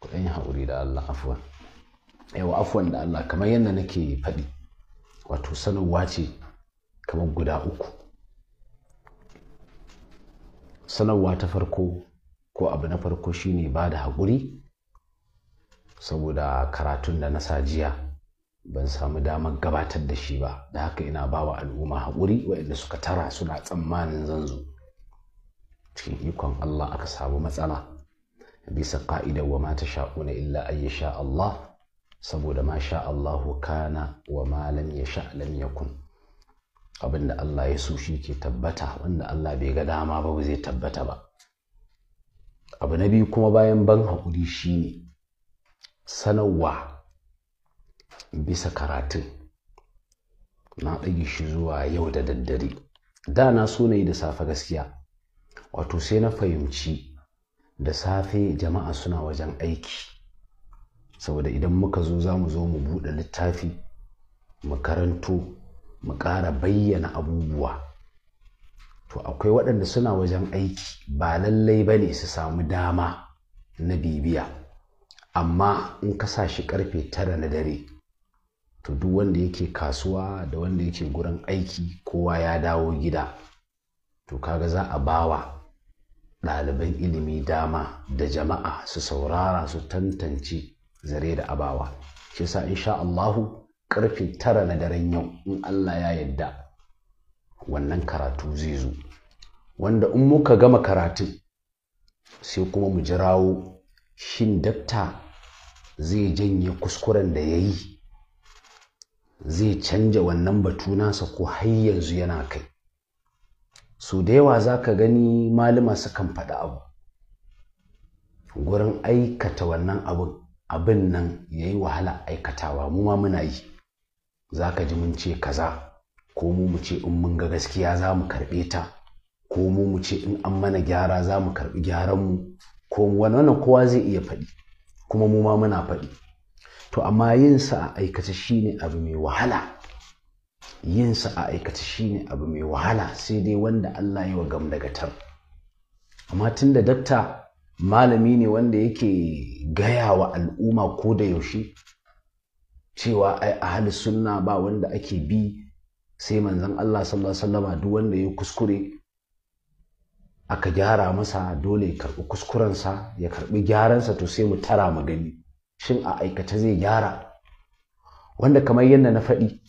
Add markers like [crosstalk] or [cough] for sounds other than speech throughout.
ku ɗan yi haƙuri da Allah afuwan yawa afuwan da Allah kamar yadda nake faɗi wato sanarwa ce kamar guda uku sanarwa ta farko ko abu na farko shine ba da haƙuri saboda karatun da na sajiya ban samu damar gabatar da shi ba da haka ina ba wa al'umma haƙuri waɗanda suka tara suna tsammanin zanzu cikin ikon Allah aka samu matsala bisa ƙa'idar wa ma sha'una illa an sha Allah saboda ma sha Allahu kana wa ma lam yasha lam yakun abinda Allah ya so shi ke tabbata wanda Allah bai ga dama ba ba zai tabbata ba abu na biyu kuma bayan ban haƙuri shine sanarwa bisa karatun na ɗage shi zuwa yau da daddare da na so na yi da safe gaskiya wato sai na fahimci da safe jama'a suna wajen aiki saboda idan muka zo za mu zo mu buɗe littafi mu karanto mu ƙara bayyana abubuwa to akwai waɗanda suna wajen aiki ba lallai ba ne su samu dama na bibiya amma in ka sa shi karfe tara na dare to duk wanda yake kasuwa da wanda yake gurin aiki kowa ya dawo gida to kaga za a bawa ɗaliban ilimi dama da jama'a su saurara su tantance zare da abawa shi sa insha Allahu karfe tara na daren yau in Allah ya yadda wannan karatu zai zo wanda in muka gama karatu sai kuma mu jirawo shin dakta zai janye kuskuren da ya yi zai canja wannan batu nasa ko har yanzu yana kai su da yawa za ka gani malama su kan faɗa abu gurin aikata wannan abun abin nan ya yi wahala aikatawa mu ma muna yi za ka ji mun ce kaza ko mu mu ce in mun ga gaskiya za mu karɓe ta ko mu mu ce in an mana gyara za mu gyaran mu ko wannan kowa zai iya faɗi kuma mu ma muna faɗi to amma yin sa a aikata shine abu mai wahala Yinsa a aikata shine abu mai wahala sai dai wanda Allah ya wa gamdagatar amma tun da dakta malami ne wanda yake gaya wa al'umma ko da yaushe cewa ai ahli sunna ba wanda ake bi sai manzon Allah sallallahu alaihi wasallama duk wanda ya kuskure aka gyara masa dole ya karɓi kuskurensa ya karɓi gyaransa to sai mu tara magani, shin a aikata zai gyara wanda kamar yadda na faɗi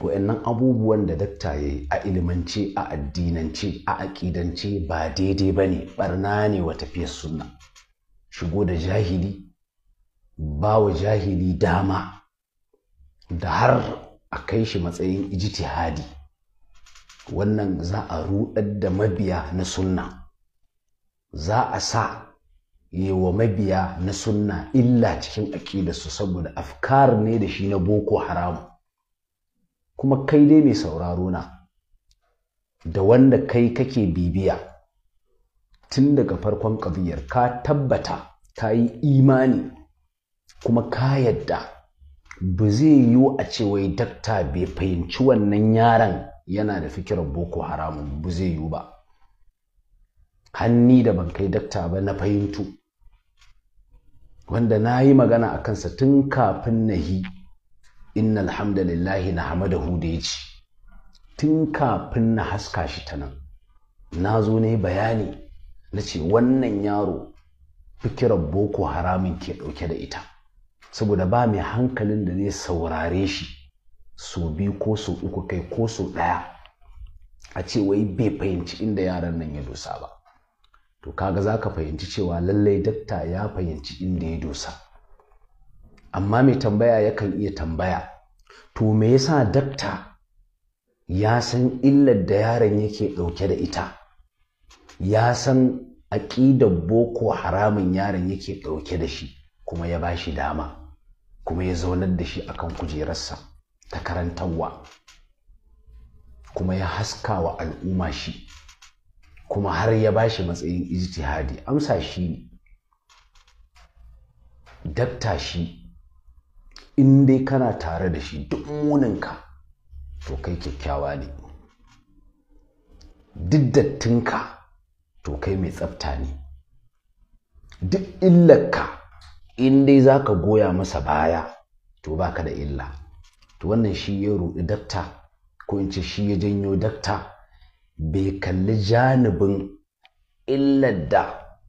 wa'annan abubuwan da dakta ya yi a ilimance a addinance a aƙidance ba daidai ba ne ɓarna ne wa tafiyar sunna shigo da jahili ba wa jahili dama da har a kai shi matsayin ijtihadi wannan za a ruɗar da mabiya na sunna za a sa yi wa mabiya na sunna illa cikin aƙidarsu saboda afkar ne da shi na boko haramu kuma kai dai mai sauraro na da wanda kai kake bibiya tun daga farkon ƙabiyar ka tabbata ka yi imani kuma ka yadda ba zai yiwu a ce dakta bai fahimci wannan yaron yana da fikirar boko haramun ba zai yiwu ba hanni da ban kai dakta ba na fahimtu wanda na yi magana a kansa tun kafin na yi inna alhamdulillahi na hamadahu da ya ci tun kafin na haska shi ta nan na zo ne bayani na ce wannan yaro fikirar boko haramin ke ɗauke da ita saboda ba mai hankalin da zai saurare shi so biyu ko so uku kai ko so ɗaya a ce wai bai fahimci inda yaran nan ya dosa ba to kaga za ka fahimci cewa lallai dakta ya fahimci inda ya dosa amma mai tambaya yakan iya tambaya to me yasa dakta ya san illar da yaron yake dauke da ita ya san aƙidar boko haramun yaron yake dauke da shi kuma ya bashi dama kuma ya zaunar da shi akan kujerarsa ta karantarwa kuma ya haska wa al'umma shi kuma har ya ba shi matsayin ijtihadi amsa shi dakta shi in dai kana tare da shi duk muninka to kai kyakkyawa ne duk dattinka to kai mai tsafta ne duk illarka in dai za ka goya masa baya to baka da illa to wannan shi ya ruɗi dakta ko in ce shi ya janyo dakta bai kalli janibin illar da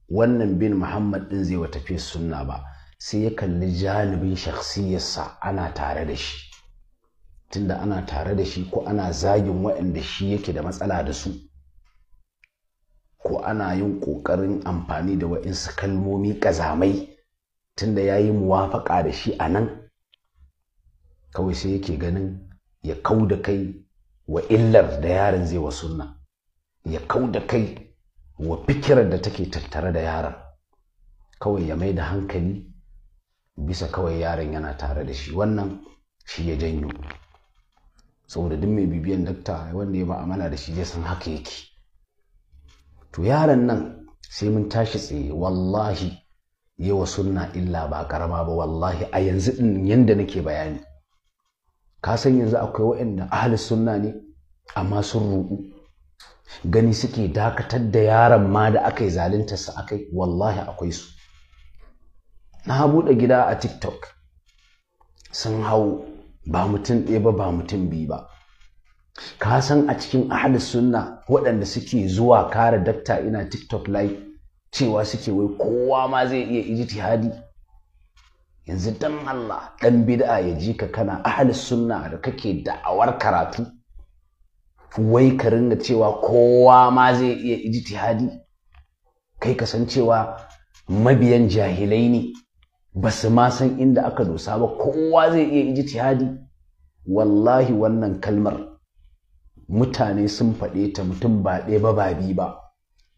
wannan bin muhammad ɗin zai wa tafi sunna ba sai ya kalli jalibin shakhsiyarsa ana tare da shi tunda ana tare da shi ko ana zagin waɗanda shi yake da matsala da su ko ana yin ƙoƙarin amfani da waɗansu kalmomi ƙazamai tunda ya yi muwafaƙa da shi a nan kawai sai yake ganin ya kau da kai wa illar da yaron zai wa sunna ya kau da kai wa fikirar da take tattare da yaron kawai ya mai da hankali bisa kawai yaron yana tare da shi wannan shi ya janyo saboda duk mai bibiyan dakta wanda ya ma'amala da shi zai san haka yake to yaron nan sai mun tashi tsaye wallahi yi wa sunna illa ba karama ba wallahi a yanzu din yanda nake bayani ka san yanzu akwai waɗanda ahli sunna ne amma sun rubu. gani suke dakatar da yaron ma da aka yi su aka yi wallahi akwai su na buɗe gida a tiktok sun hau ba mutum ɗaya ba ba mutum biyu ba ka san a cikin ahadu sunna waɗanda suke zuwa kare dakta ina tiktok live cewa suke wai kowa ma zai iya ijtihadi yanzu dan Allah dan bid'a ya ji ka kana ahadu sunna da kake da'awar karatu wai ka ringa cewa kowa ma zai iya ijtihadi kai cewa mabiyan jahilai ne ba su ma san inda aka dosa ba kowa zai iya ijtihadi wallahi wannan kalmar mutane sun faɗe ta mutum ba ɗaya ba ba bi ba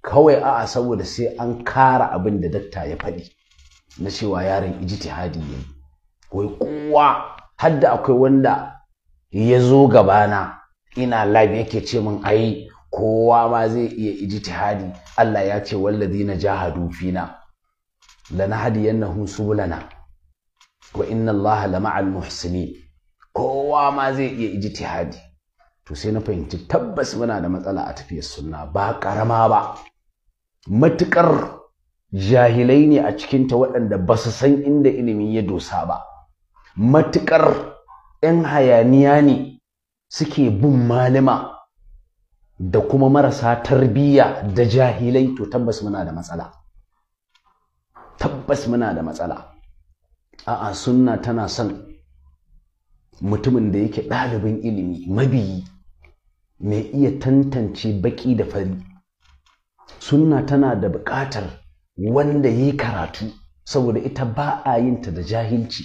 kawai a'a saboda sai an kara abin da dakta ya faɗi na cewa yaron ijtihadi ne. wai kowa har akwai wanda ya zo gabana ina labi yake ce min ai kowa ma zai iya ijtihadi Allah ya ce jaha jahadu fina lanahadiyannahum subulana wa inna allaha lama'al muhsinin kowa ma zai iya ijtihadi to sai na fahimci tabbas muna da matsala a tafiyar sunna ba karama ba matukar jahilai ne a cikinta waɗanda ba su san inda ilimi ya dosa ba matukar 'yan hayaniya ne suke bin malama da kuma marasa tarbiyya da jahilai to tabbas muna da matsala tabbas muna da matsala a'a sunna tana son mutumin da yake ɗalibin ilimi mabiyi mai iya tantance baki da fari sunna tana da buƙatar wanda yi karatu saboda ita ba a yin ta da jahilci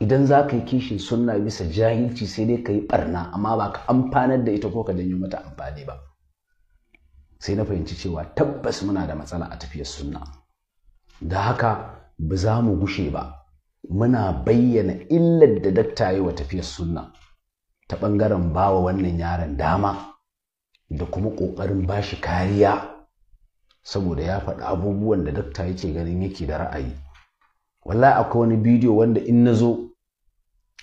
idan za ka yi kishin sunna bisa jahilci sai dai ka yi ɓarna amma ba ka amfanar da ita ko ka janyo mata amfani ba sai na fahimci cewa tabbas muna da matsala a tafiyar sunna da haka ba za mu gushe ba muna bayyana illar da dakta yi wa tafiyar sunna ta ɓangaren bawa wannan yaron dama da kuma ƙoƙarin ba shi kariya saboda ya faɗi abubuwan da dakta yake ganin yake da ra'ayi wallahi akwai wani bidiyo wanda in na zo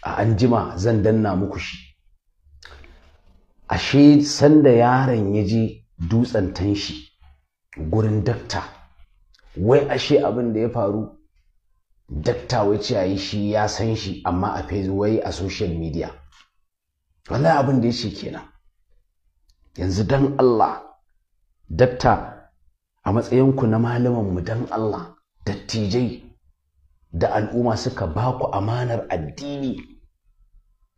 a anjima zan danna muku shi ashe sanda yaron ya je dutsen tanshi gurin dakta wai ashe abin da ya faru dakta wai ciyayi shi ya san shi amma a wai a social media wannan abin da ya ce kenan yanzu dan Allah dakta a matsayinku na malamanmu dan Allah dattijai da al'umma suka ba ku amanar addini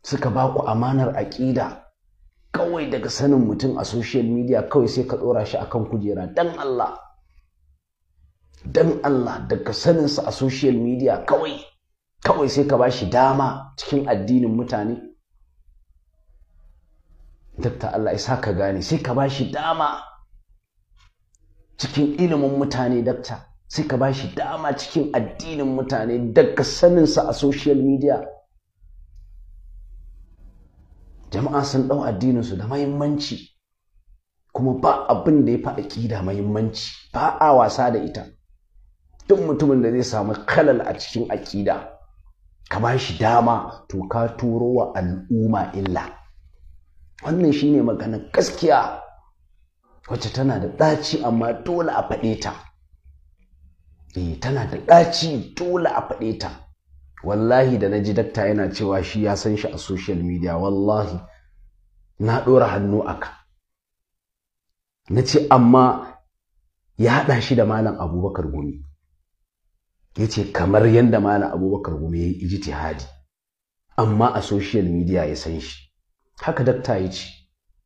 suka ba ku amanar aƙida kawai daga sanin mutum a social media kawai sai ka ɗora shi akan kujera dan Allah dan Allah daga saninsa a social media kawai kawai sai ka ba shi dama cikin addinin mutane dakta Allah ya saka gane sai ka ba shi dama cikin ilimin mutane dakta sai ka ba shi dama cikin addinin mutane daga saninsa a social media jama'a sun ɗau addininsu da mahimmanci kuma ba abin da ya fi aƙida mahimmanci ba a wasa da ita duk mutumin da zai samu kalal a cikin aƙida ka ba shi dama to ka turo wa al'umma illa wannan shine maganar gaskiya wacce tana da ɗaci amma dole a faɗe ta eh tana da ɗaci dole a faɗe ta wallahi da na ji dakta yana cewa shi ya san shi a social media wallahi na ɗora hannu aka na ce amma ya haɗa shi da malam abubakar gumi ya ce kamar yadda malam abubakar gumi ya yi ijtihadi amma a social media ya san shi haka dakta ya ce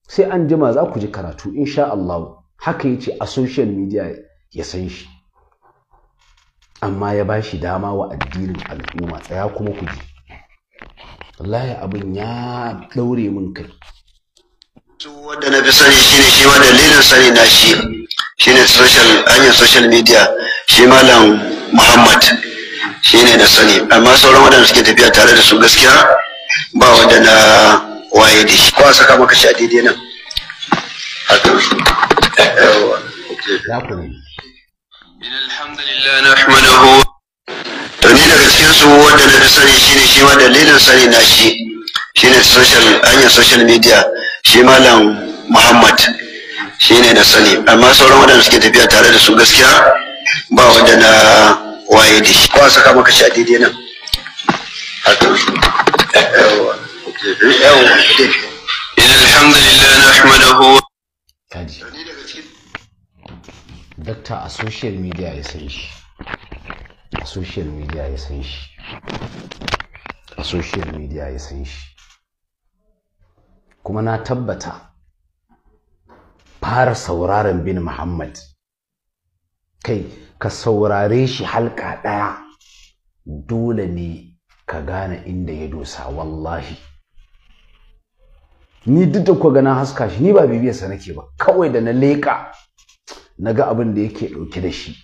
sai an jima za ku ji karatu insha Allah haka ya ce a social media ya san shi amma ya ba shi dama wa addinin al'umma tsaya kuma ku ji wallahi abin ya ɗaure min kai wanda na fi sani ne shi ma dalilin sani na shi shine social hanyar social media shi malam muhammad shi ne da sani amma sauran wadanda suke tafiya tare da su gaskiya ba wanda na waye da shi ko a saka maka shi a daidai nan to ni daga cikin su wanda na sani ne shi ma dalilin sani na shi ne social hanyar social media shi malam muhammad shi ne da sani amma sauran wadanda suke tafiya tare da su gaskiya ba wanda na waye da shi kwa saka maka shi a daidai nan إن الحمد لله a social media ya san shi a social media ya san shi a social media ya san shi kuma na tabbata fara sauraron bin muhammad kai ka saurare shi halka ɗaya dole ne ka gane inda ya dosa wallahi ni duk da kuwa ganin haska shi ni ba bibiyarsa nake ba kawai da na leƙa na ga abin da yake ɗauke da shi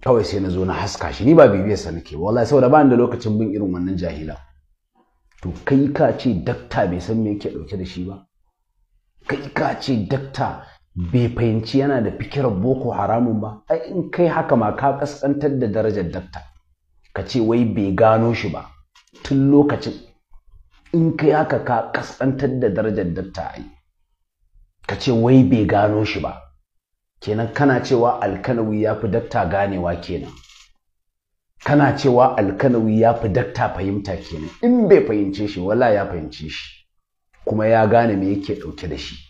kawai sai na zo na haska shi ni ba bibiyarsa nake ba wallahi saboda ba da lokacin bin irin wannan jahila to kai ka ce dakta bai san me yake ɗauke da shi ba kai ka ce dakta bai fahimci yana da fikirar boko haramun ba ai in kai haka ma ka kaskantar da darajar dakta ka ce wai bai gano shi ba tun lokacin in kai haka ka kaskantar da darajar dakta ai ka ce wai bai gano shi ba kenan kana cewa alkanawi ya fi dakta ganewa kenan kana cewa alkanawi ya fi dakta fahimta kenan in bai fahimce shi wala ya fahimce shi kuma ya gane me yake ɗauke da shi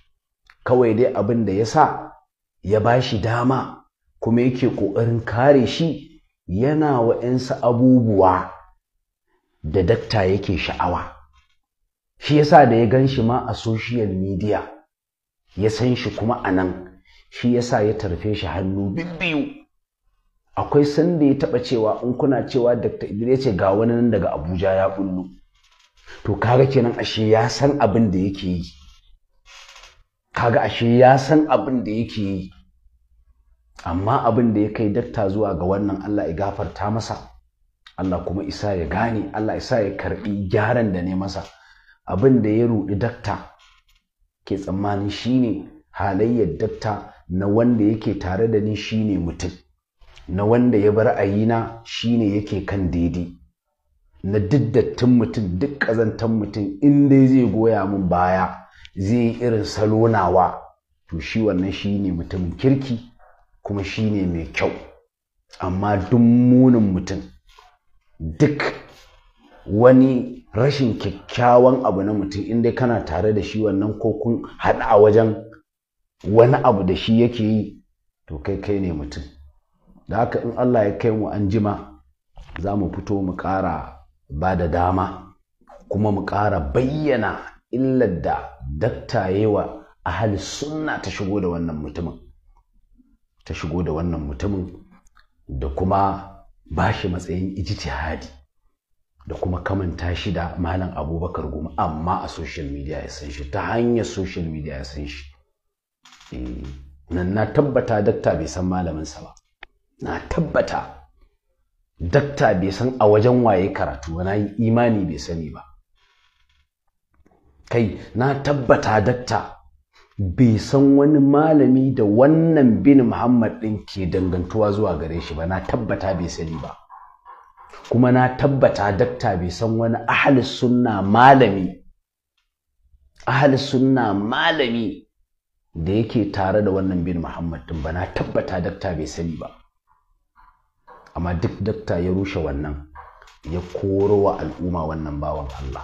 kawai dai abin da ya sa ya ba shi dama kuma yake ƙoƙarin kare shi yana 'yansu abubuwa da dakta yake sha'awa shi ya sa da ya gan shi ma a social media ya san shi kuma a nan shi ya sa ya tarfe shi hannu biyu akwai sanda ya taɓa cewa in kuna cewa dakta idris ce ga wani nan daga abuja ya bullo to kaga kenan ashe ya san abin da yake yi kaga ashe ya san abin da yake yi amma abin da ya kai dakta zuwa ga wannan Allah ya gafarta masa Allah kuma isa ya gane Allah isa ya karbi gyaran da ne masa abin da ya rudi dakta ke tsammanin shine halayyar dakta na wanda yake tare da ni shine mutum na wanda ya bar ayina shine yake kan daidai na diddattin mutum duk ƙazantar mutum in dai zai goya min baya zai yi irin salonawa to shi wannan shi ne mutumin kirki kuma shi ne mai kyau amma duk munin mutum duk wani rashin kyakkyawan abu na mutum in dai kana tare da shi wannan ko kun haɗa a wajen wani abu da shi yake yi to kai kai ne mutum da haka in allah ya kai mu an jima za mu fito mu ƙara ba da dama kuma mu ƙara bayyana illar da a hali sunna ta shigo da wannan mutumin ta shigo da wannan mutumin da kuma ba shi matsayin ijtihadi da kuma kamanta shi da malam abubakar goma amma a social media ya san shi ta hanyar social media ya san shi eh, nan na tabbata dakta bai san malaminsa ba na tabbata dakta bai san a wajen waye karatu na yi imani bai sani ba kai na tabbata dakta bai san wani malami da wannan bin muhammad ɗin ke dangantuwa zuwa gare shi ba na tabbata bai sani ba kuma na tabbata dakta bai san wani ahli sunna malami ahli sunna malami da yake tare da wannan bin muhammad ɗin ba na tabbata dakta bai sani ba amma duk dakta ya rushe wannan ya koro wa al'umma wannan bawan Allah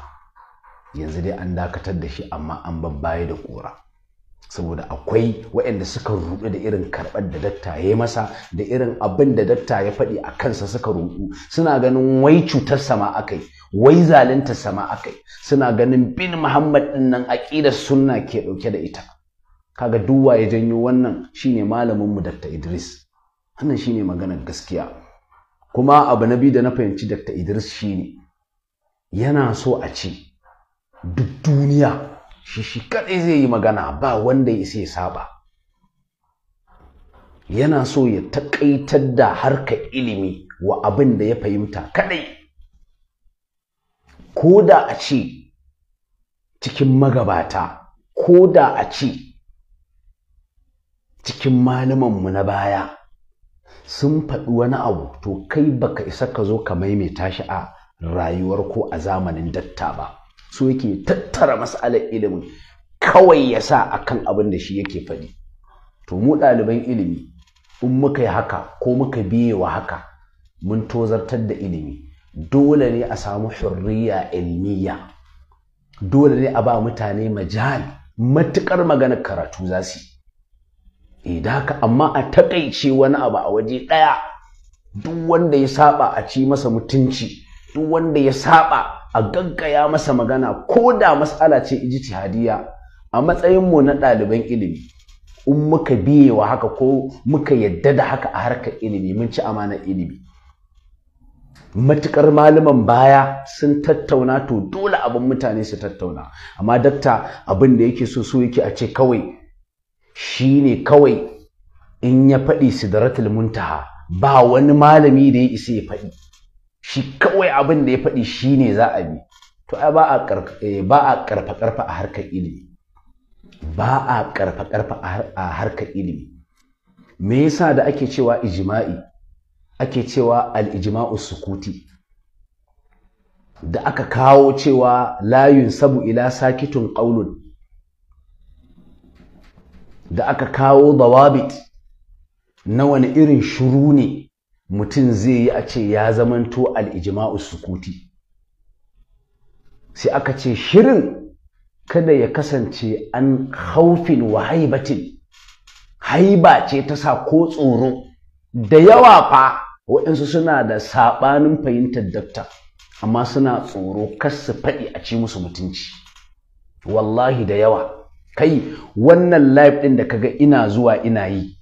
yanzu dai an dakatar da shi amma an babbaye da kora saboda akwai waɗanda suka rudu da irin karɓar da dakta ya yi masa da irin abin da dakta ya faɗi a kansa suka rudu suna ganin wai cutar sama akai wai zalunta sama akai suna ganin bin muhammad din nan aƙidar sunna ke ɗauke da ita kaga duwa ya janyo wannan shine malamin mu datta idris wannan shine maganar gaskiya kuma abu na biyu da na fahimci Dr. Idris shine yana so a ce duk duniya shi shi kadai zai yi magana ba wanda ya sai saba yana so ya takaitar da harkar ilimi wa abin da ya fahimta kadai ko da a ce cikin magabata ko da a ce cikin malamanmu na baya sun faɗi wani abu to kai baka isa ka zo ka maimaita shi a rayuwar ko a zamanin datta ba so yake tattara mas'alar ilimin kawai ya sa a kan abin da shi yake faɗi to mu ɗaliban ilimi in muka yi haka ko muka biye wa haka mun tozartar da ilimi dole ne a samu hurriya ilmiya dole ne a ba mutane majal matukar maganar karatu za su yi idaka amma a takaice wani abu a waje ɗaya duk wanda ya saba a ci masa mutunci duk wanda ya saba a gaggaya masa magana ko da matsala ce iji hadiya a matsayin mu na ɗaliban ilimi in muka biye wa haka ko muka yadda da haka a harkar ilimi mun ci amanar ilimi matukar malaman baya sun tattauna to dole abin mutane su tattauna amma dakta abin da yake so so yake a ce kawai shi ne kawai in ya faɗi sidratul muntaha ba wani malami da ya isa ya faɗi shi kawai abin da ya faɗi shi ne za a bi to ai ba a karfa eh, karfa a harkar ilimi ba a karfa karfa a harkar ilimi me yasa da ake cewa ijma'i ake cewa al-ijma'u sukuti da aka kawo cewa la yunsabu ila sakitun qaulun da aka kawo dawabit na wani irin shuru ne mutum zai yi a ce ya zamanto al'ijima'u sukuti sai aka ce shirin kada ya kasance an haufin wa haibatin haiba ce ta sa ko tsoro da yawa fa waɗansu suna da saɓanin fahimtar dakta amma suna tsoro kasu su faɗi a ci musu mutunci wallahi da yawa kai wannan live ɗin da kaga ina zuwa ina yi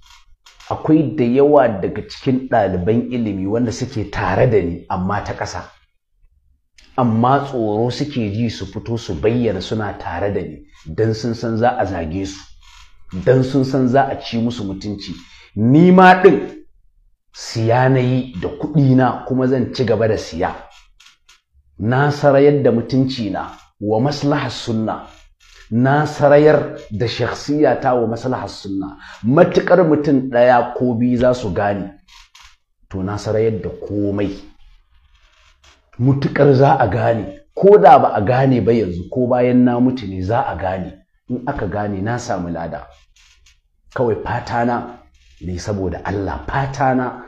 akwai da yawa daga cikin ɗaliban ilimi wanda suke tare da ni amma ta ƙasa amma tsoro suke ji su fito su bayyana suna tare da ni don sun san za a zage su don sun san za a ci musu mutunci ni ma ɗin siya na yi da na kuma zan ci gaba da siya na sarayar da mutunci na wa maslahar sunna na sarayar da shakhsiya ta wa maslahar sunna matukar mutum ɗaya ko biyu za su gane to na sarayar da komai mutukar za a gane ko da ba a gane ba yanzu ko bayan na mutu ne za a gane in aka gane na samu lada kawai fatana ne saboda Allah fatana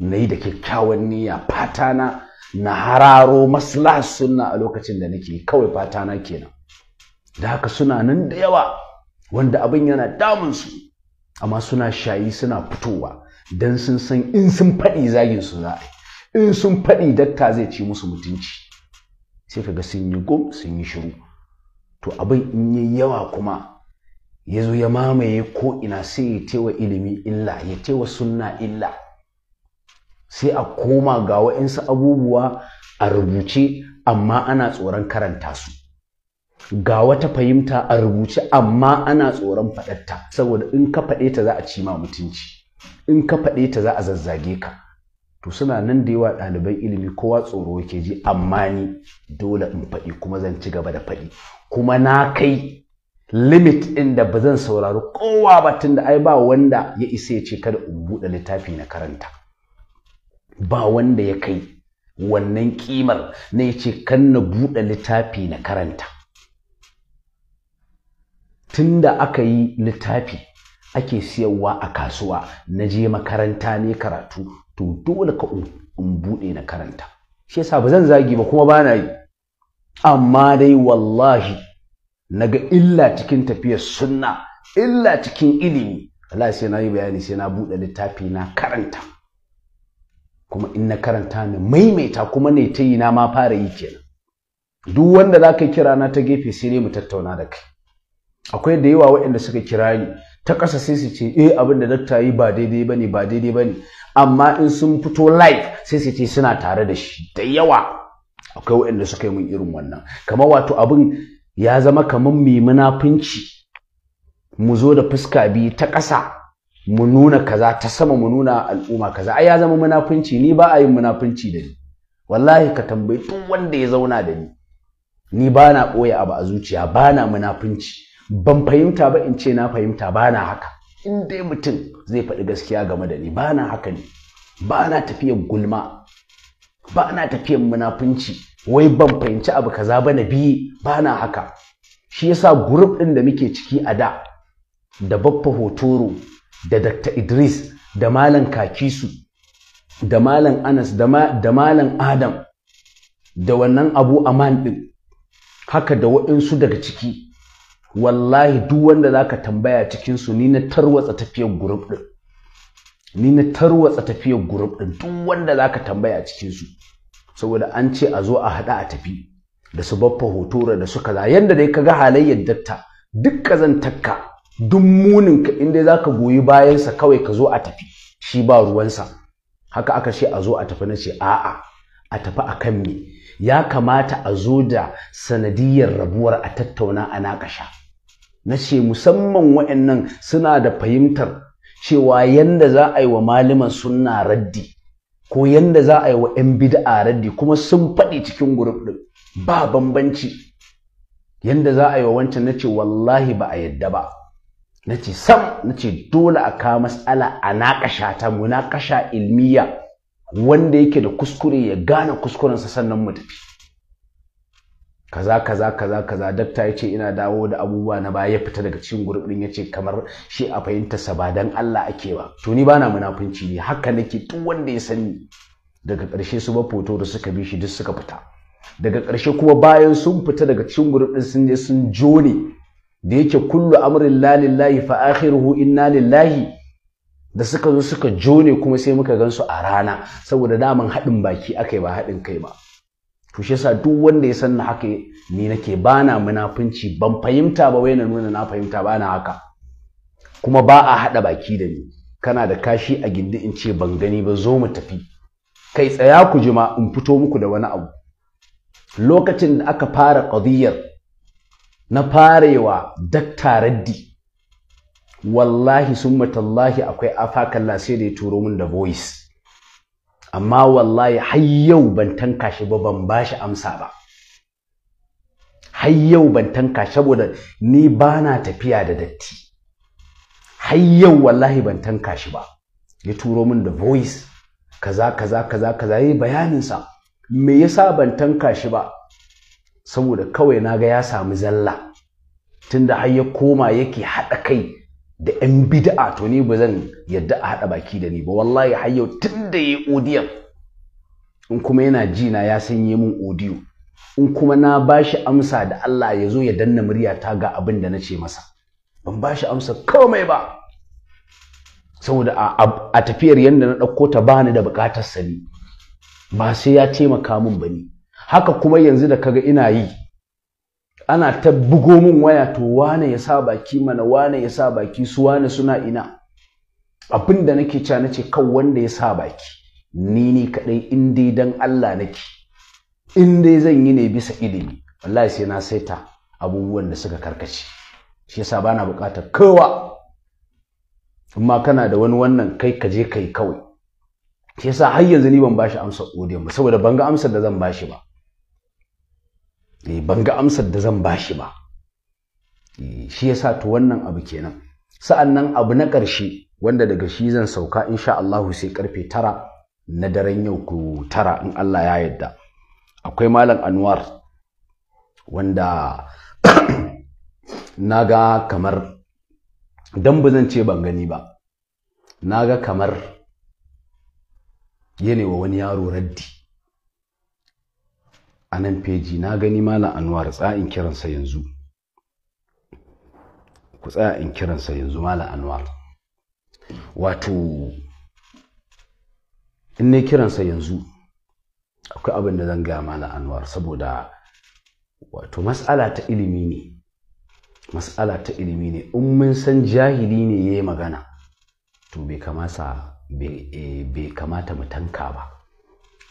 na yi da kyakkyawan niyya fatana na hararo maslahar sunna a lokacin da nake kawai fatana kenan da haka suna nan da yawa wanda abin yana damun su amma suna shayi suna fitowa don sun san in sun faɗi zagin su za a in sun faɗi dakta zai ci musu mutunci sai kaga sun yi gum sun yi shiru to abin in yi yawa kuma ya zo ya mamaye ko ina sai ya tewa ilimi illa ya tewa sunna illa sai a koma ga wa'insu abubuwa a rubuce amma ana tsoron karanta su ga wata fahimta a rubuce amma ana tsoron faɗarta saboda in ka faɗe ta za a cima mutunci in ka faɗe ta za a zazzage ka to suna nan da yawa ɗaliban ilimi kowa tsoro yake ji amma ni dole in faɗi kuma zan ci gaba da faɗi kuma na kai limit ɗin da ba zan saurari kowa ba tun da ai ba wanda ya isa ya ce kada in buɗe littafi na karanta ba wanda ya kai wannan kimar na ya ce kan na buɗe littafi na karanta tun da aka yi littafi ake siyarwa a kasuwa na je makaranta ne karatu to dole ka in buɗe na karanta shi yasa ba zan zagi ba kuma bana yi amma dai wallahi naga illa cikin tafiyar sunna illa cikin ilimi Allah sai na yi bayani sai na buɗe littafi na karanta kuma in na karanta na maimaita kuma ne ta yi na ma fara yi kenan duk wanda za ka kira na ta gefe sai ne mu tattauna da kai akwai da yawa waɗanda suka kira ni ta ƙasa sai su ce eh abin dakta yi ba daidai ba ne, ba daidai ba ne. amma in sun fito live sai su ce suna tare da shi da yawa akwai waɗanda suka yi min irin wannan kamar wato abin ya zama kamar mai munafunci mu zo da fuska biyu ta ƙasa mu nuna kaza ta sama mu nuna al'umma kaza ai ya zama munafunci ni ba a yin munafunci da ni wallahi ka tambayi duk wanda ya zauna da ni ni ba na ɓoye abu a zuciya ba na munafunci ban fahimta ba in ce na fahimta ba na haka in dai mutum zai faɗi gaskiya game da ni ba na haka ne ba na tafiyar gulma ba na tafiyar munafunci wai ban fahimci abu kaza ba na biyu ba na haka shi yasa gurup ɗin da muke ciki a da da baffa hotoro da dr idris da malam kakisu da malam anas da malam adam da wannan abu a man ɗin haka da waɗansu daga ciki wallahi duk wanda zaka tambaya cikin su ni na tarwatsa tafiyar group din ni na tarwatsa tafiyar group din duk wanda zaka tambaya cikin su saboda an ce a zo a hada a tafi da su baffa hotora da su kaza yanda dai kaga halayyar datta duk kazantakka duk munin ka indai zaka goyi bayan sa kawai ka zo a tafi shi ba ruwansa haka aka ce a zo a tafi na ce a'a a tafi akan me ya kamata a zo da sanadiyar rabuwar a tattauna a naƙasha. na ce musamman wa'annan suna da fahimtar cewa yanda za a yi wa malaman suna raddi ko yanda za a yi wa 'yan bid'a raddi kuma sun faɗi cikin gurup ɗin ba bambanci yanda za a yi wa wancan na ce wallahi ba a yadda ba na ce sam na ce dole a kawo matsala a naƙasha ta mu ilmiya wanda yake da kuskure ya gane kuskurensa sannan mu tafi kaza kaza kaza kaza dakta ya ce ina dawo da abubuwa na baya ya fita daga cikin gurbin din ya ce kamar shi a fahimta sa ba dan Allah ake ba to ni bana munafunci ne haka nake duk wanda ya sani daga ƙarshe su ba foto da suka bi shi duk suka fita daga ƙarshe kuma bayan sun fita daga cikin gurbin sun je sun jone da yake kullu amrin la lillahi fa akhiruhu inna lillahi da suka zo suka jone kuma sai muka gansu a rana saboda daman haɗin baki akai ba haɗin kai ba to shi yasa duk wanda ya san na haka ni nake bana munafunci ban fahimta ba wai nuna na fahimta bana haka kuma ba a haɗa baki da ni kana da kashi a gindi in ce ban gani ba zo mu tafi kai tsaya ku jima in fito muku da wani abu lokacin da aka fara qadiyar na farewa dakta raddi wallahi summatallahi akwai afakalla sai da ya turo min da voice amma wallahi har yau ban tanka shi ba ban ba shi amsa ba har yau ban tanka saboda ni ba na tafiya da datti har yau wallahi ban tanka shi ba ya turo min da voice kaza kaza kaza kaza bayanin bayaninsa me yasa ban tanka shi ba saboda kawai na ga ya samu zalla tunda har ya koma yake haɗa kai da yan bid'a to ni ba zan yadda a haɗa baki da ni ba wallahi har yau tun da yi odiyon in kuma yana ji na ya sanye min odiyo in kuma na bashi amsa da Allah ya zo ya danna murya ta ga abin da na ce masa ban bashi amsa komai ba saboda a tafiyar yadda na ɗauko ta bani da buƙatar sani ba sai ya taimaka min ba ni haka kuma yanzu da kaga ina yi ana ta bugo min waya to wane ya sa baki mana wane ya sa baki su wane suna ina abin da nake ca nace kan wanda ya sa baki ni ni kadai in dai dan Allah nake in dai zan yi ne bisa ilimi wallahi sai na saita abubuwan da suka karkace shi yasa bana bukatar kowa amma kana da wani wannan kai ka je kai kawai shi yasa har yanzu ni ban bashi amsar godiya ba saboda ban ga amsar da zan bashi ba Eh, ban ga amsar da zan bashi ba eh, shi yasa to wannan abu kenan sa'an nan abu na ƙarshe wanda daga shi zan sauka insha Allahu sai karfe tara na daren yau ku tara in Allah ya yadda akwai malam Anwar wanda [clears throat] na kamar dan ba zan ce ban gani ba naga ga kamar wa wani yaro raddi a nan feji na gani malam anwar tsa'in kiransa yanzu ku tsaya in kiransa yanzu malam anwar wato in ne kiransa yanzu akwai abin da zan gaya malam anwar saboda wato matsala ta ilimi ne mas'ala ta ilimi ne in mun san jahili ne ya yi magana to eh, bai kamata mu tanka ba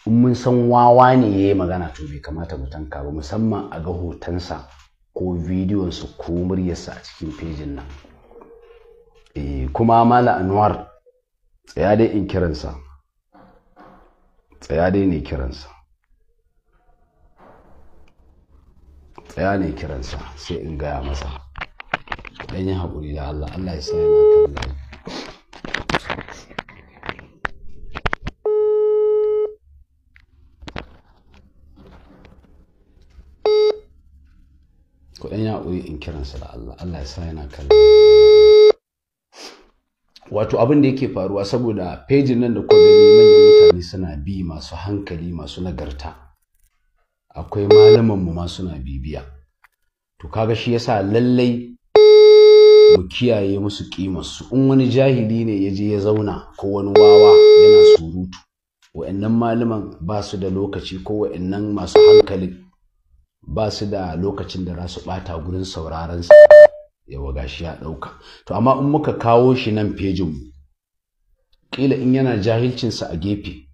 in mun san wawa ne ya yi magana to bai kamata mu tanka ba musamman a ga hotonsa ko bidiyonsa ko muryarsa a cikin fejin nan eh, kuma mala anwar tsaya dai in kiransa tsaya dai ne kiransa tsaya ne kiransa sai in gaya masa dan yin haƙuri da Allah Allah ya sa yana kan ɗoyi in kiransa da Allah Allah ya sa yana kallon wato abin da yake faruwa saboda pejin nan da kuka gani manyan mutane suna bi masu hankali masu nagarta akwai malamanmu ma suna bibiya to kaga shi yasa lallai mu kiyaye musu kimarsu in wani jahili ne ya je ya zauna ko wani wawa yana surutu wa'annan malaman ba su da lokaci ko wa'annan masu hankalin ba su da lokacin da za su ɓata gurin sauraron sa yawa gashi ya ɗauka to amma in muka kawo shi nan fejin mu ƙila in yana jahilcinsa a gefe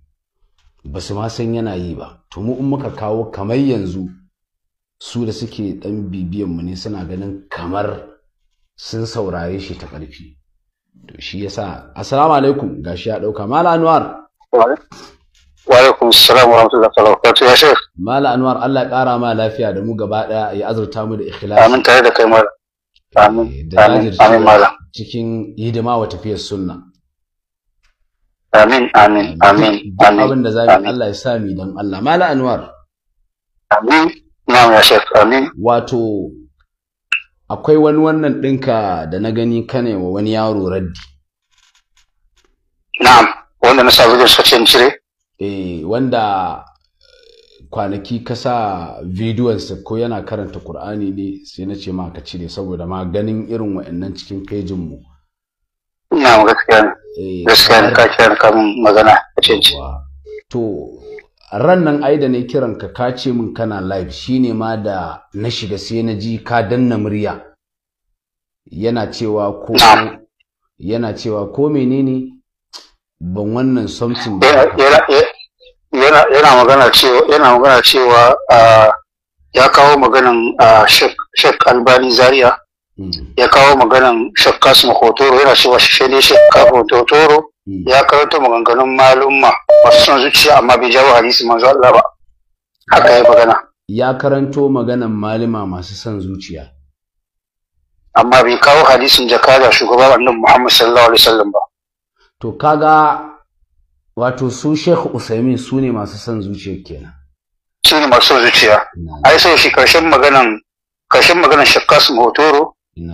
ba su ma san yana yi ba to mu in muka kawo kamar yanzu su da suke ɗan bibiyan mu ne suna ganin kamar sun saurare shi ta ƙarfi to shi yasa assalamu alaikum gashi ya ɗauka mala anwar Walaikun salam wa rahmatullahi wa barakatuh ya shek. Mala Anwar Allah ƙara ma lafiya da mu gaba ɗaya ya azurta mu da ikhlasi. Amin tare da kai mala. Amin. Eh, amin. Amin mala. Cikin hidima wa tafiyar sunna. Amin amin amin amin. Abin da zamu Allah ya sa don Allah. Mala Anwar. Amin. Na'am ya shek. Amin. Wato akwai wani wannan ɗinka da na gani kane wa wani yaro raddi. Na'am. Wanda na sa zuwa sace cire. Eh, wanda eh, kwanaki ka sa vidiyonsa ko yana karanta Kur'ani ne sai na ce ma ka cire saboda ma ganin irin wa'annan cikin pejin mu na gaskiya eh, gaskiya ka kira magana to ran nan ai da ne kiran ka ka min kana live shine ma da na shiga sai na ji ka danna murya yana cewa ko yana cewa ko menene ban wannan something ba yana magana cewa yana ya kawo maganan shek Albani Zaria hmm. ya kawo maganan shek kasu Hotoro yana cewa shi ne kasu Hotoro hmm. ya karanta maganganun malumma masu son zuciya amma bai jawo hadisi manzo Allah ba haka ya magana ya karanto maganan malima masu son zuciya amma bai kawo hadisin jakada shugaba annabi Muhammad sallallahu alaihi wasallam ba to kaga wato su Sheikh Usaimin su ne masu son zuciya kenan su ne masu son zuciya ai sai shi karshen maganan karshen maganan Sheikh Kasim Hotoro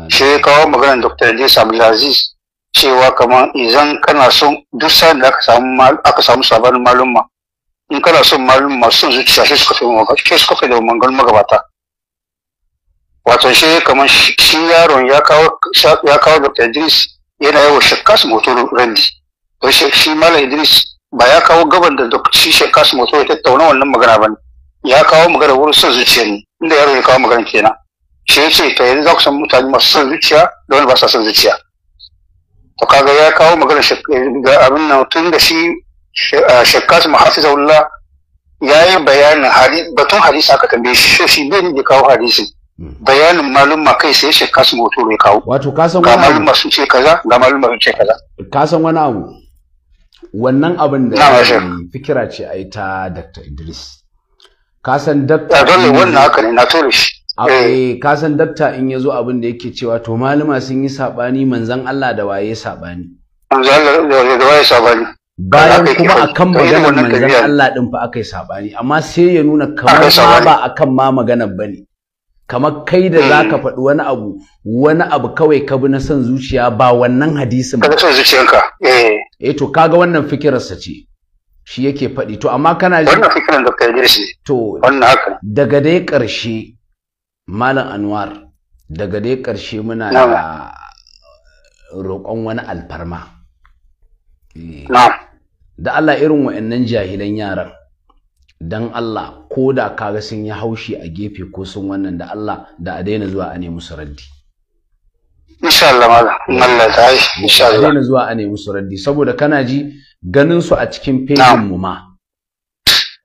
shi ya kawo maganan Dr. Idris Abdulaziz cewa kamar idan kana son duk sa'in da aka samu aka samu sabanin malumma in kana son malum masu son zuciya shi suka fi shi suka fi da mangan magabata wato shi kamar shi yaron ya kawo ya kawo Dr. Idris yana yawo Sheikh Kasim Hotoro randi to shi mala idris ba ya kawo gaban da shi shek su wato ya tattauna wannan magana ba ne ya kawo magana wurin son zuciya ne inda yaro ya kawo magana kenan shi ya ce to yanzu za ku san mutane masu son zuciya da wani ba sa son zuciya to kaga ya kawo magana da abin nan tun da shi eh, shek kasim hafizahullah ya yi bayanin batun hadisi aka tambaye shi shi bai ne kawo hadisi hmm. bayanin ma kai sai shek su hoto ya kawo wato kasan wani abu ga ma sun ce kaza ga ma sun ce kaza Ka san wani abu wannan abin da fikira ce a yi ta Dr. Idris Kasan Dr. Idris. dole wannan haka ne na eh. Eh, in yazo abin da yake cewa to malama sun yi sabani manzan Allah da waye sabani manzon Allah da waye sabani bayan kuma akan maganar manzan Allah din fa aka yi sabani amma sai ya nuna kamar ba akan ma maganar ne, kamar kai da za ka hmm. faɗi wani abu wani abu kawai ka bi na son zuciya ba wannan hadisin ba son zuciyanka eh. eh to kaga wannan fikirarsa ce shi yake faɗi to amma kana ji wannan fikiran da kai shi to wannan haka daga dai ƙarshe malam anwar daga dai ƙarshe muna da roƙon wani alfarma eh. da Allah irin wa'annan jahilan yaran dan Allah ko da kaga sun yi haushi a gefe ko sun wannan da Allah da a daina zuwa a nemi su insha Allah mala in Allah ta yi insha Allah daina zuwa a nemi su raddi saboda kana ji ganin su a cikin fejin mu ma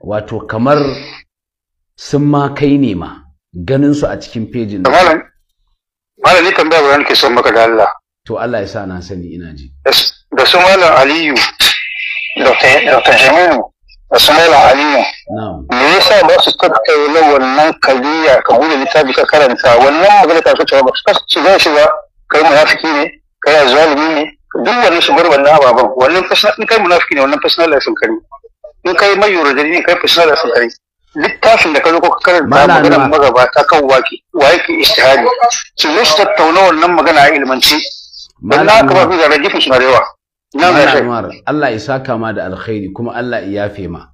wato kamar sun ma kai ne ma ganin su a cikin fejin malam malam ni tambaya ba ke son maka da Allah to Allah ya sa na sani ina ji da su malam Aliyu Dr. Jamilu da su malam Aliyu me yasa ba su tattauna wannan kaliya ka bude littafi ka karanta wannan magana ta su ba su shiga shiga kai munafiki ne kai azalimi ne duk wani su gurban na ababen wannan in kai munafiki ne wannan personal life kare in kai mai yurodari ne kai personal life kare littafin da ka zo ka karanta magaba ta kan waki waye ke istihadi su zo su tattauna wannan magana a ilmanci dan na ka ba su da rajifin shi marewa na mai Allah ya saka ma da alkhairi kuma Allah ya yafe ma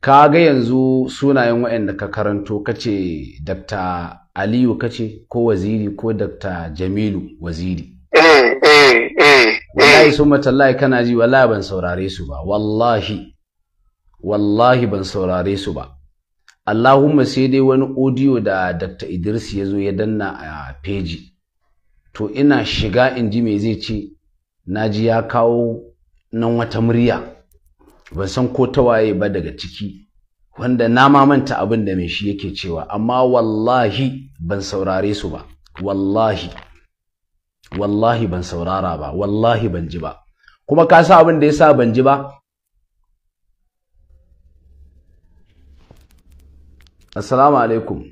ka ga yanzu sunayen waɗanda ka karanto kace Dr. aliyu kace ko waziri ko Dr jamilu waziri eh eh eh wallahi eh. kana ji wallahi ban saurare su ba wallahi wallahi ban saurare su ba Allahumma sai dai wani odiyo da Dr. Idris ya zo ya danna a peji. To ina shiga in ji me zai ce, na ji ya kawo nan wata murya, ban san ko ta waye ba daga ciki. wanda na mamanta abin da mai shi yake cewa amma wallahi ban saurare su ba wallahi wallahi ban saurara ba wallahi ban ji ba kuma ka sa abin da ya sa ban ji ba assalamu alaikum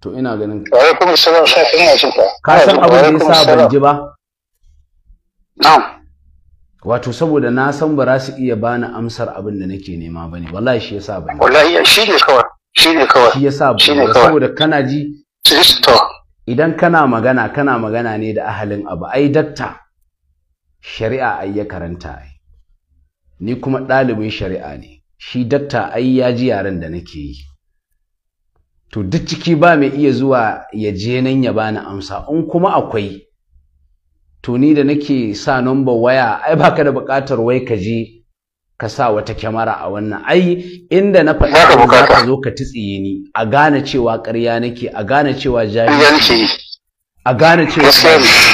to ina ganin ka alaikum assalam sai ina ka san abin da ya sa ban ji ba na'am wato saboda na san ba za su iya bani amsar abin da nake nema bane wallahi shi yasa bane wallahi shi ne kawai shi ne kawai shi yasa bane saboda kana ji to idan kana magana kana magana ne da ahalin abu ai dakta shari'a ai ya karanta ai ni kuma ɗalibin shari'a ne shi dakta ai ya ji yaran da nake yi to duk ciki ba mai iya zuwa ya je nan ya bani amsa in kuma akwai to ni da nake sa number waya ai baka da buƙatar wai ka je ka sa wata kyamara a wannan ai inda na faɗa za ka zo ka tsiye ni a gane cewa ƙarya nake a gane cewa jami'i a gane cewa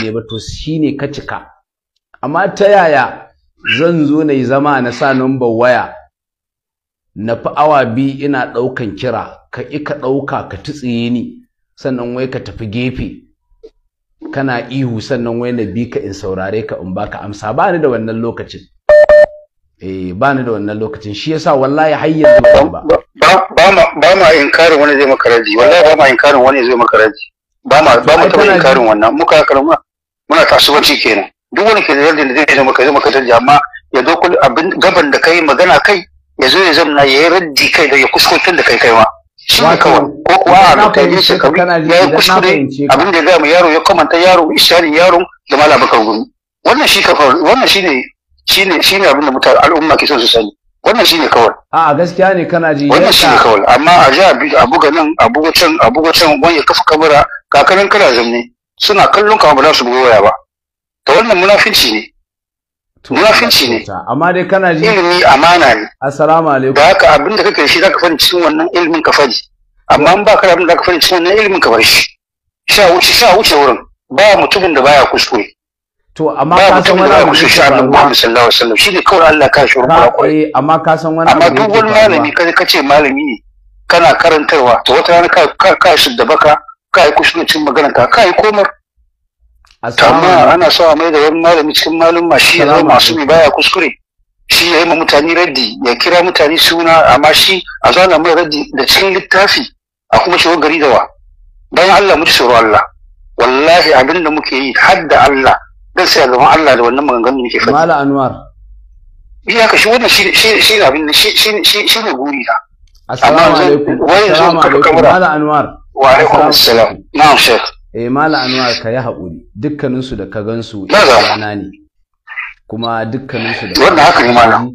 ne ba to shine ka cika amma ta yaya zan zo na yi zama na sa number waya na fi awa biyu ina ɗaukan kira ka ƙi ka ɗauka ka tutsiye ni sannan wai ka tafi gefe kana ihu sannan wai na bi ka in saurare ka in baka amsa ba ni da wannan lokacin eh ba ni da wannan lokacin shi yasa wallahi har yanzu ba ba ma inkarin wani zai maka raji wallahi ba ma inkarin wani zai maka raji ba ma ba mu taba inkarin wannan muka karama muna kasuwanci kenan duk wani ke da da zai maka zai maka tarji amma ya zo abin gaban da kai magana kai ya zo ya zamna ya yi raddi kai da ya kuskuntun da kai kai ma shi ne kawai ko kuwa a lokacin shi ya yi kuskure abin da gaya yaro ya komanta yaro isharin yaro, da mala bakar gumi wannan shi wannan ne shi abin da mutane al'umma ke son su sani wannan shi ne kawai a gaskiya ne kana ji wannan kawai amma a ji a buga nan a buga can a buga can wani ya kafa kamara kakanin kana zamne suna kallon kama ba za su goya ba ta wannan munafinci ne munafinci ne amma dai kana ji ilimi amana ne assalamu alaikum da ka abin da kake shi zaka fahimci cikin wannan ilimin ka faji. amma in ba da abin da zaka fahimci cikin wannan ilimin ka bar shi sha wuce sha wuce wurin ba mutumin da baya kuskure to amma ka san wani abu shi Allah Muhammad sallallahu alaihi wasallam shine kawai Allah ka shi rubuta kwai amma ka san wani amma duk wani malami kai kace malami ne kana karantarwa to wata rana ka ka shi da baka ka yi kuskuren cin maganar ka ka yi komar amma ana sa mai da wani malami cikin malum shi ya zama masu mai baya kuskure shi ya yi ma mutane raddi ya kira mutane suna amma shi a zana mai raddi da cikin littafi a kuma shigo gari da wa bayan Allah mu ji tsoro Allah wallahi abin da muke yi har da Allah dan sai gaban Allah da wannan maganganun muke faɗi mala anwar iya ka shi wannan shi shi abin shi shi shi ne guri da assalamu alaikum assalamu alaikum mala anwar wa alaikum assalam na'am sheikh eh mala anwar ka yi haƙuri dukkaninsu da ka gansu yana ne kuma dukkaninsu da wanda haka ne mala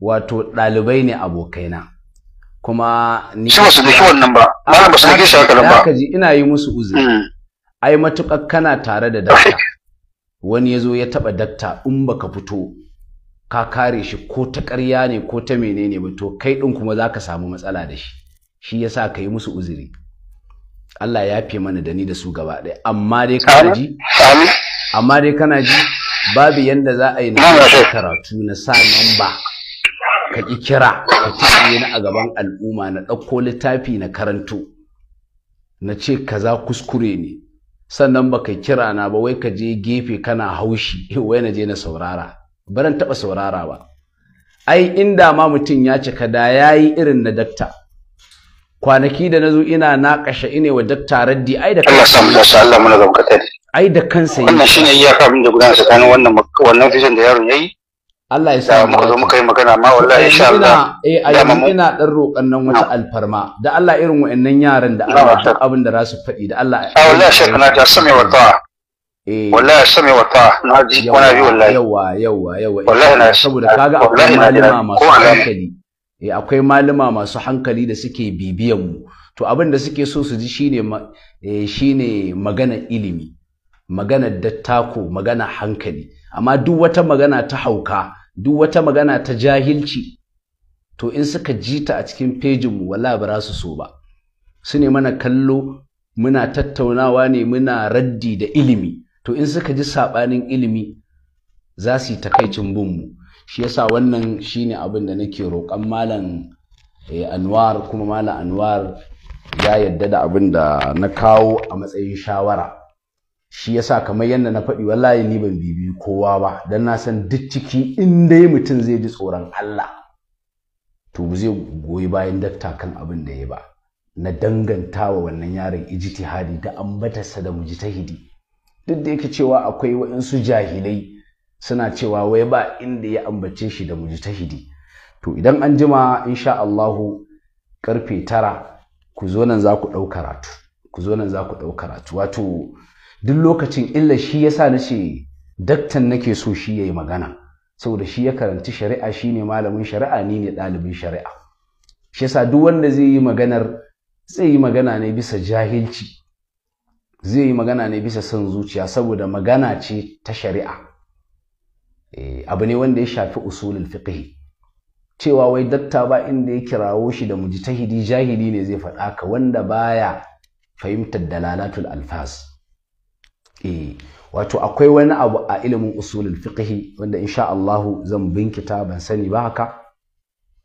wato ɗalibai ne abokaina kuma ni shi da shi wannan ba mala ba su dake shi haka ba kaji ina yi musu uzu hmm. ai matukar kana tare da dakta wani ya zo ya taɓa dakta in baka fito ka kare shi ko ta ƙarya ne ko ta menene ba to kai ɗin kuma za ka samu matsala da shi shi yasa ka yi musu uzuri Allah ya fi mana da ni da su gaba ɗaya amma dai kana ji amma dai kana ji babu yanda za a yi na karatu na sa ba. ka ƙi kira ka tiye na a gaban al'umma na ɗauko littafi na karanto na ce kaza kuskure ne sannan ba ka kira na ba wai ka je gefe kana haushi [laughs] wai na je na saurara baran taɓa saurara ba ai inda ma mutum ya cika da ya yi irin na dakta kwanaki da nazo ina kashe ine wa dakta raddi ai da Allah samu da Allah muna gabatar ai da kansa wannan shine iyaka min da gudanar tsakanin wannan wannan vision da yaron yayi Allah ya sa mu zo muka yi magana ma wallahi insha Allah eh ai mun ina dan roƙon nan wata alfarma da Allah irin wa'annan yaran da Allah abin da za su faɗi da Allah a ah, wallahi shekana ta eh. sami wata wallahi sami wata na ji wani bi eh. wallahi yawa yawa yawa wallahi na saboda kaga akwai malama masu hankali E akwai malama masu hankali da suke bibiyan mu to abin da suke so su ji shine eh, shine magana ilimi magana dattako magana hankali amma duk wata magana ta hauka duk wata magana ta jahilci to in suka ji ta a cikin fejin mu wallahi ba za su so ba su ne mana kallo muna tattaunawa ne muna raddi da ilimi to in suka ji saɓanin ilimi za su yi takaicin bin mu shi yasa wannan shine abin da nake roƙon malam eh, anwar kuma malam anwar ya yadda da abin da na kawo a matsayin shawara shi yasa kamar yadda na faɗi wallahi ni ban bibi kowa ba don na san duk ciki in dai mutum zai ji tsoron Allah to zai goyi bayan dakta kan abin da ya ba na danganta wa wannan yaron ijtihadi da ambatarsa da mujtahidi duk da yake cewa akwai waɗansu jahilai suna cewa wai ba inda ya ambace shi da mujtahidi to idan an jima insha Allahu karfe tara ku zo nan za ku ɗau karatu ku zo nan za ku ɗau karatu wato duk lokacin illa shi yasa na ce daktan nake so shi ya yi magana saboda shi ya karanci shari'a shi ne malamin shari'a ni ne ɗalibin shari'a shi yasa duk wanda zai yi maganar zai yi magana ne bisa jahilci zai yi magana ne bisa son zuciya saboda magana ce ta shari'a Eh, abu ne wanda ya shafi usulul fiqh cewa wai datta ba inda ya kirawo shi da mujtahidi jahili ne zai faɗa ka wanda baya fahimtar dalalatul alfaz eh wato akwai wani abu a ilimin usulul fiqh wanda insha Allahu zan binkita ban sani ba haka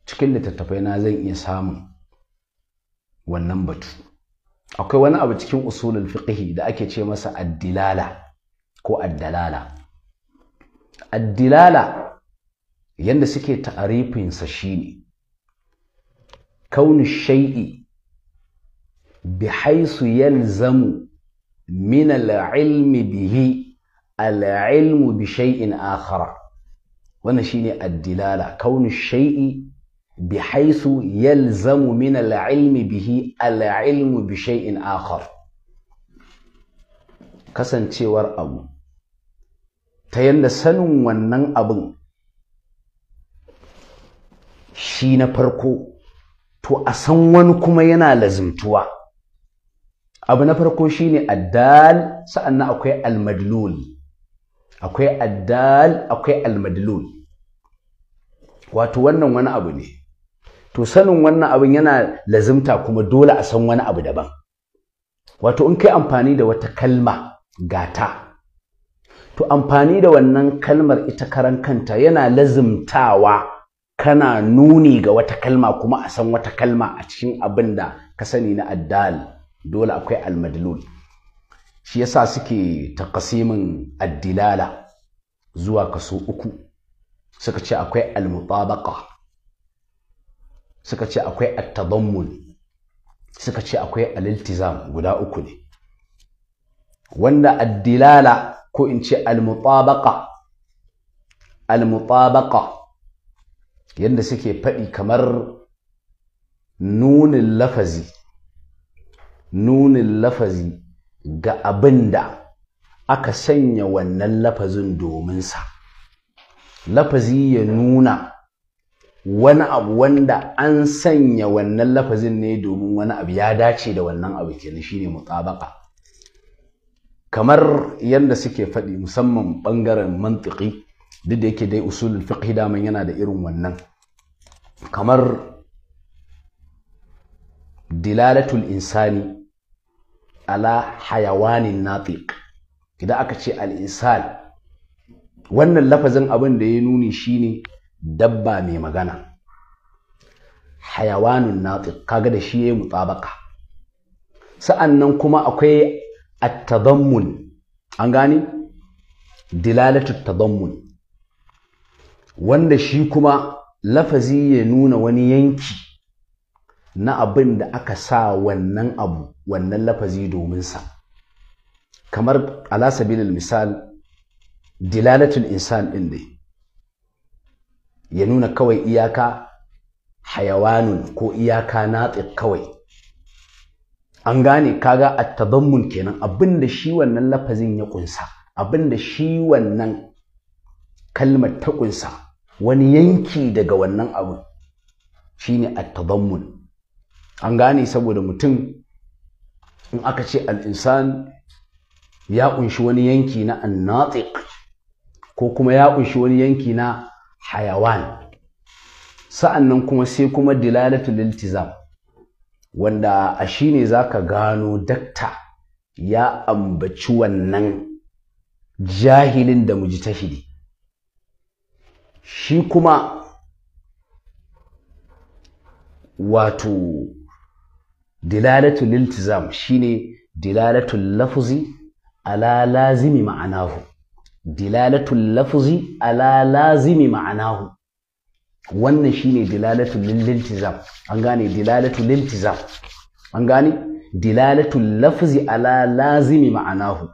cikin littattafai na zan iya samun wannan batu akwai wani abu cikin usulul fiqh da ake ce masa addilala ko addalala addilala yadda suke ta'arifinsa shine kaunu shai'i bi haisu yalzamu min al'ilmi bihi al'ilmu bi shai'in akhara wannan shine addilala kaunu shai'i bi haisu yalzamu min al'ilmi bihi al'ilmu bi shai'in akhar kasancewar abu ta yadda sanin wannan abin shi na farko to a san wani kuma yana lazimtuwa abu na farko shi ne addal sa'annan akwai almadlul akwai addal akwai almadlul wato wannan wani abu ne to sanin wannan abin yana lazimta kuma dole a san wani abu daban wato in kai amfani da wata kalma gata to amfani da wannan kalmar ita karan kanta yana lazimtawa kana nuni ga wata kalma kuma a san wata kalma a cikin abin da ka sani na addal dole akwai almadlul shi yasa suke takasimin addilala zuwa kaso uku suka ce akwai almutabaqa suka ce akwai attadammun suka ce akwai aliltizam guda uku ne wanda addilala ko in ce almutabaqa almutabaqa yadda suke faɗi kamar nunin lafazi nunin lafazi ga abin da aka sanya wannan lafazin dominsa lafazi ya nuna wani abu wanda an sanya wannan lafazin ne domin wani abu ya dace da wannan abu kenan shine mutabaka kamar yadda suke faɗi musamman ɓangaren mantiki duk da yake dai usulul fiqh daman yana da irin wannan kamar dilalatul insani ala hayawanin natiq idan aka ce al-insan wannan lafazin abin da ya nuni shine dabba mai magana hayawanun natiq kaga da shi yayi mutabaka sa'annan kuma akwai at-tadammun an gane dilalatu tadammun wanda shi kuma lafazi ya nuna wani yanki na abin da aka sa wannan abu wannan lafazi domin sa kamar ala misal dilalatul insan ɗin dai ya nuna kawai iyaka hayawanun ko iyaka natse kawai an gane kaga a tadammun kenan abinda da shi wannan lafazin ya kunsa abinda da shi wannan kalmar ta kunsa wani yanki daga wannan abu shine a tadammun an gane saboda mutum in aka ce al'insan ya kunshi wani yanki na annatik ko kuma ya kunshi wani yanki na hayawan nan kuma sai kuma dilalatul iltizam wanda a shi ne za ka gano dakta ya ambaci wannan jahilin da muji ta shi shi kuma wato dilalatul iltizam shine dilalatul Lafuzi ala lazimi ma'anahu dilalatul Lafuzi ala lazimi ma'anahu wannan shine dilalatu lintiza. an gane dilalatu liltizam an gane dilalatu lafzi ala lazimi ma'anahu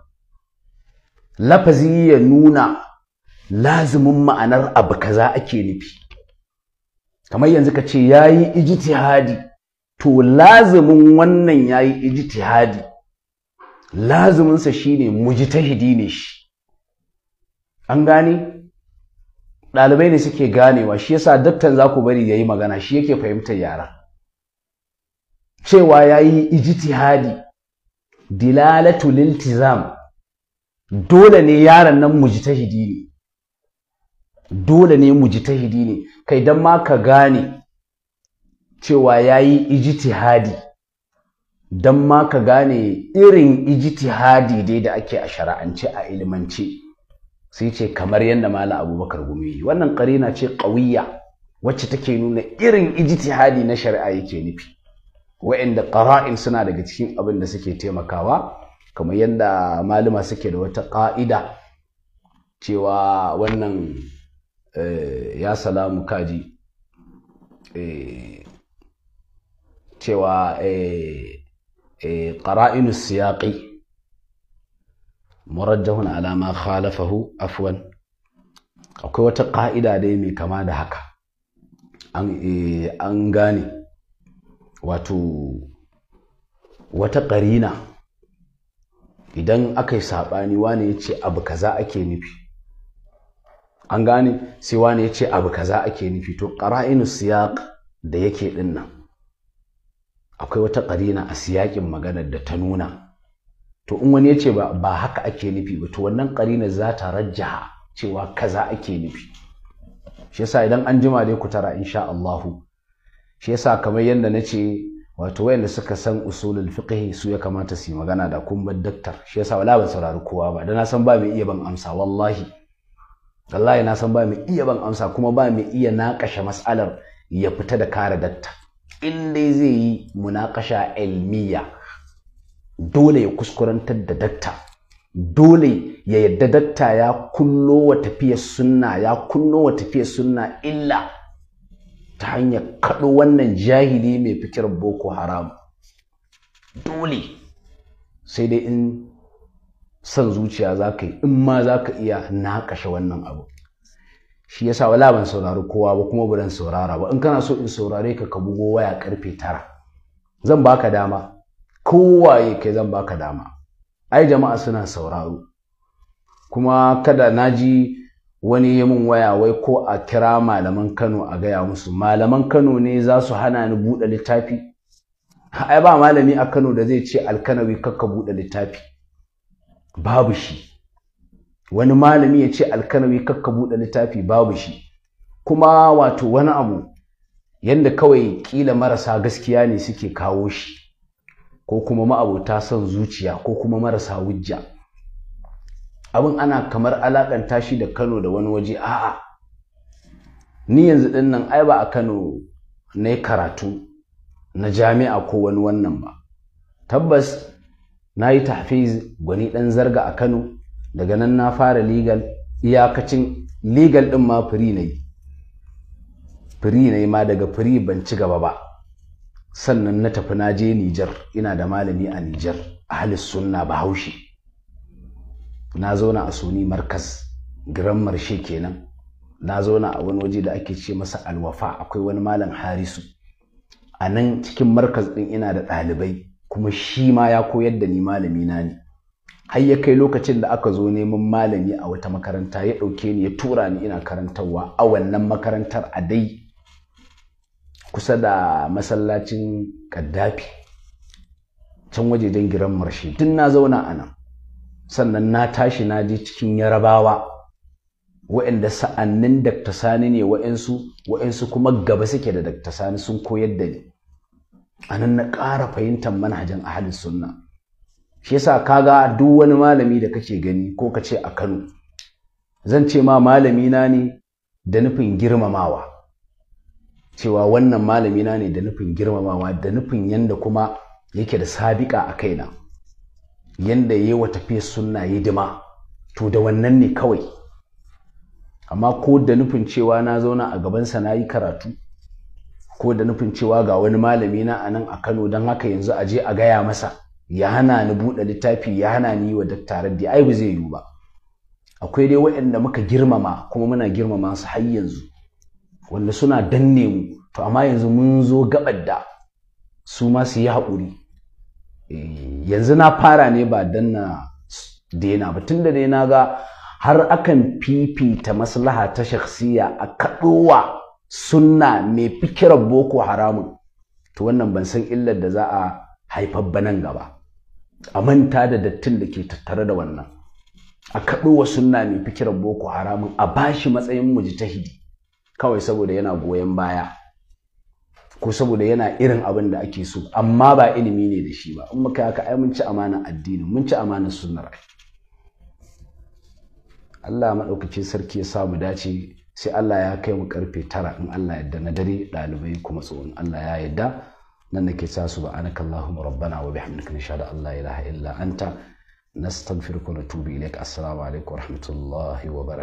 lafazi ya nuna lazimin ma'anar abu kaza ake nufi kamar yanzu ka ce yayi ijtihadi to lazimin wannan yayi ijtihadi laziminsa shine mujtahidi ne shi an gane ɗalibai ne suke ganewa shi yasa daktan za ku bari ya yi magana shi yake fahimtar yara cewa ya yi ijtihadi dilalatu liltizam dole ne yaran nan mu mujtahidi ne dole ne mu mujtahidi ne kai dan ma ka gane cewa ya yi ijtihadi dan ma ka gane irin ijtihadi dai da ake a shara'ance a ilimance sai ce kamar yadda malam abubakar gumi wannan karina ce ƙawiyya wacce take nuna irin ijtihadi na shari'a yake nufi wa'inda ƙara'in suna daga cikin abin da suke taimakawa kamar yadda malama suke da wata ƙa'ida cewa wannan eh, ya salamu kaji eh, cewa ya eh, siyaƙi murajjahun alama khalafahu afwan akwai wata ƙa'ida dai mai kama da haka an eh, gane wato wata ƙarina idan aka yi saɓani wani ya ce abu kaza ake nufi an gane sai wani ya ce abu kaza ake nufi to ƙara'inu siyaq da yake ɗin akwai wata ƙarina a siyaƙin maganar da ta nuna to in wani ya ce ba haka ake nufi ba to wannan ƙarina za ta rajjaha cewa kaza ake nufi shi yasa idan an jima dai ku tara insha Allahu shi yasa kamar yadda na ce wato wayanda suka san usulul fiqh su ya kamata su yi magana da kun bar daktar shi yasa wala ban saurari kowa ba dan na san ba mai iya ban amsa wallahi wallahi na san ba mai iya ban amsa kuma ba mai iya naƙashe mas'alar ya fita da kare daktar in dai zai yi munakasha ilmiya dole ya kuskurantar da datta dole ya yadda datta ya kullo wa tafiyar sunna ya kullo wa tafiyar sunna illa ta hanyar kaɗo wannan jahili mai fikir boko haram dole sai dai in san zuciya za ka yi in ma za ka iya na wannan abu shi yasa wala ban saurari kowa ba kuma ban saurara ba in kana so in saurare ka ka bugo waya karfe tara zan baka dama kowaye kai zan baka dama ai jama'a suna sauraro kuma kada naji wani ya mun waya wai ko a kira malaman Kano a gaya musu malaman Kano ne za su hana ni buɗe littafi ai ba malami a Kano da zai ce alkanawi kakka buɗe littafi babu shi wani malami ya ce alkanawi kakka buɗe littafi babu shi kuma wato wani abu yanda kawai kila marasa gaskiya ne suke kawo shi ko kuma ma'abuta son zuciya ko kuma marasa wujja abin ana kamar alakanta shi da kano da wani waje a'a ni yanzu din nan ai ba a kano na karatu na jami'a ko wani wannan ba tabbas na yi tafiz gwani dan zarga a kano daga nan na fara legal iyakacin legal din ma firi na yi firi na yi ma daga firi ban ci gaba ba sannan na tafi na je Nijar ina da malami a Nijar a ahli sunna bahaushe na zauna a suni markas giran marshe kenan na zauna a wani waje da ake ce masa alwafa akwai wani malam harisu a nan cikin markas ɗin ina da ɗalibai kuma shi ma ya koyar da ni malami na ne har ya kai lokacin da aka zo neman malami a wata makaranta ya ɗauke ni ya tura ni ina karantarwa a wannan makarantar a dai kusa da masallacin kaddafi can wajejen giran marshe tun na zauna a nan sannan na tashi na je cikin yarabawa wa'anda sa'annin dakta sani ne wa'ansu wa'ansu kuma gaba suke da dakta sani sun koyar da ni a nan na ƙara fahimtar manhajin ahalin sunna shi yasa kaga duk wani malami da kake gani ko ka ce a kano zan ce ma malami na ne da nufin girmamawa cewa wannan malamina ne da nufin girmamawa da nufin yanda kuma yake da sabiƙa a kaina yanda yi wa tafiya sunna hidima to da wannan ne kawai amma ko da nufin cewa na zauna a gabansa na yi karatu ko da nufin cewa ga wani malami na a nan a kano don haka yanzu a je a gaya masa ya hana ni buɗe littafi ya hana ni yi wa daktarar da ai ba zai yiwu ba akwai dai waɗanda muka girmama kuma muna girmama su har yanzu wanda suna danne mu to amma yanzu mun zo gabar da su ma su yi haƙuri eh, yanzu na fara ne ba danna daina ba tun da dai na ga har akan fifita maslaha ta shakhsiya a kaɗowa sunna mai fikirar boko haramun to wannan ban san illar da za a haifar ba nan gaba a manta da dattin da ke tattare da wannan a kaɗowa sunna mai fikirar boko haramun a bashi matsayin mujtahidi kawai saboda yana goyon baya ko saboda yana irin abin da ake so amma ba ilimi ne da shi ba in muka haka ai mun ci amana addini mun ci amana sunnar Allah maɗaukaci sarki ya samu dace sai Allah ya kai mu karfe tara in Allah yadda na dare ɗalibai kuma tsohon Allah ya yadda nan nake sa su anaka Allahumma rabbana wa bihamdika nashhadu an la ilaha illa anta nastaghfiruka wa natubu ilaik assalamu alaikum wa rahmatullahi wa